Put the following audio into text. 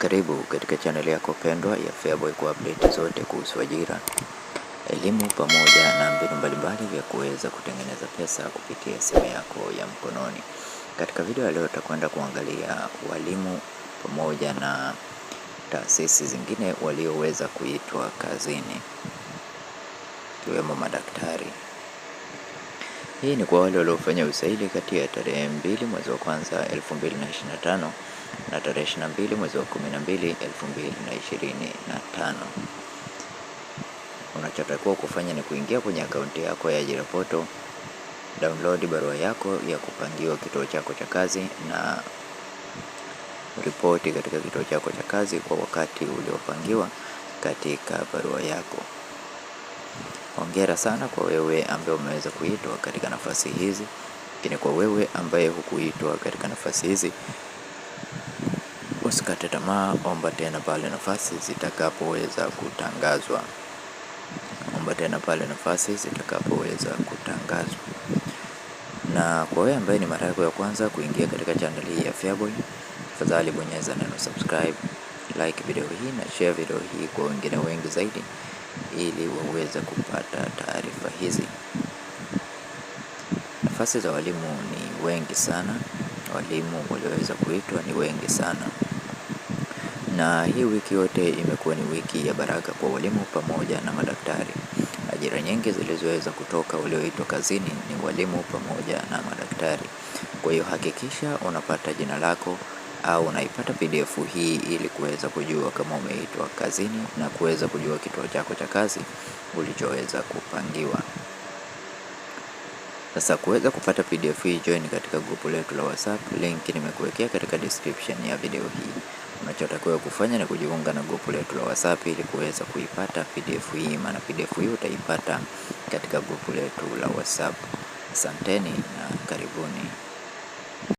Karibu katika chaneli yako pendwa ya Feaboy kwa update zote kuhusu ajira, elimu pamoja na mbinu mbalimbali vya kuweza kutengeneza pesa kupitia simu yako ya mkononi. Katika video ya leo tutakwenda kuangalia walimu pamoja na taasisi zingine walioweza kuitwa kazini, ikiwemo madaktari. Hii ni kwa wale waliofanya usaili kati ya tarehe 2 mwezi wa kwanza 2025 na tarehe mbili mwezi wa 12 2025. Unachotakiwa kufanya ni kuingia kwenye akaunti yako ya ajira poto, download barua yako ya kupangiwa kituo chako cha kazi na ripoti katika kituo chako cha kazi kwa wakati uliopangiwa katika barua yako. Hongera sana kwa wewe ambaye umeweza kuitwa katika nafasi hizi, lakini kwa wewe ambaye hukuitwa katika nafasi hizi, usikate tamaa, omba tena pale nafasi zitakapoweza kutangazwa. Omba tena pale nafasi zitakapoweza kutangazwa. Na kwa wewe ambaye ni mara yako ya kwanza kuingia katika channel hii ya Feaboy, tafadhali bonyeza neno subscribe, like video hii na share video hii kwa wengine wengi zaidi ili waweze kupata taarifa hizi. Nafasi za walimu ni wengi sana, walimu walioweza kuitwa ni wengi sana, na hii wiki yote imekuwa ni wiki ya baraka kwa walimu pamoja na madaktari. Ajira nyingi zilizoweza kutoka walioitwa kazini ni walimu pamoja na madaktari. Kwa hiyo hakikisha unapata jina lako au unaipata PDF hii ili kuweza kujua kama umeitwa kazini na kuweza kujua kituo chako cha kazi ulichoweza kupangiwa. Sasa kuweza kupata PDF hii, join katika grupu letu la WhatsApp, link nimekuwekea katika description ya video hii. Unachotakiwa kufanya ni kujiunga na grupu letu la WhatsApp ili kuweza kuipata PDF hii, maana PDF hii utaipata katika grupu letu la WhatsApp. Asanteni na karibuni.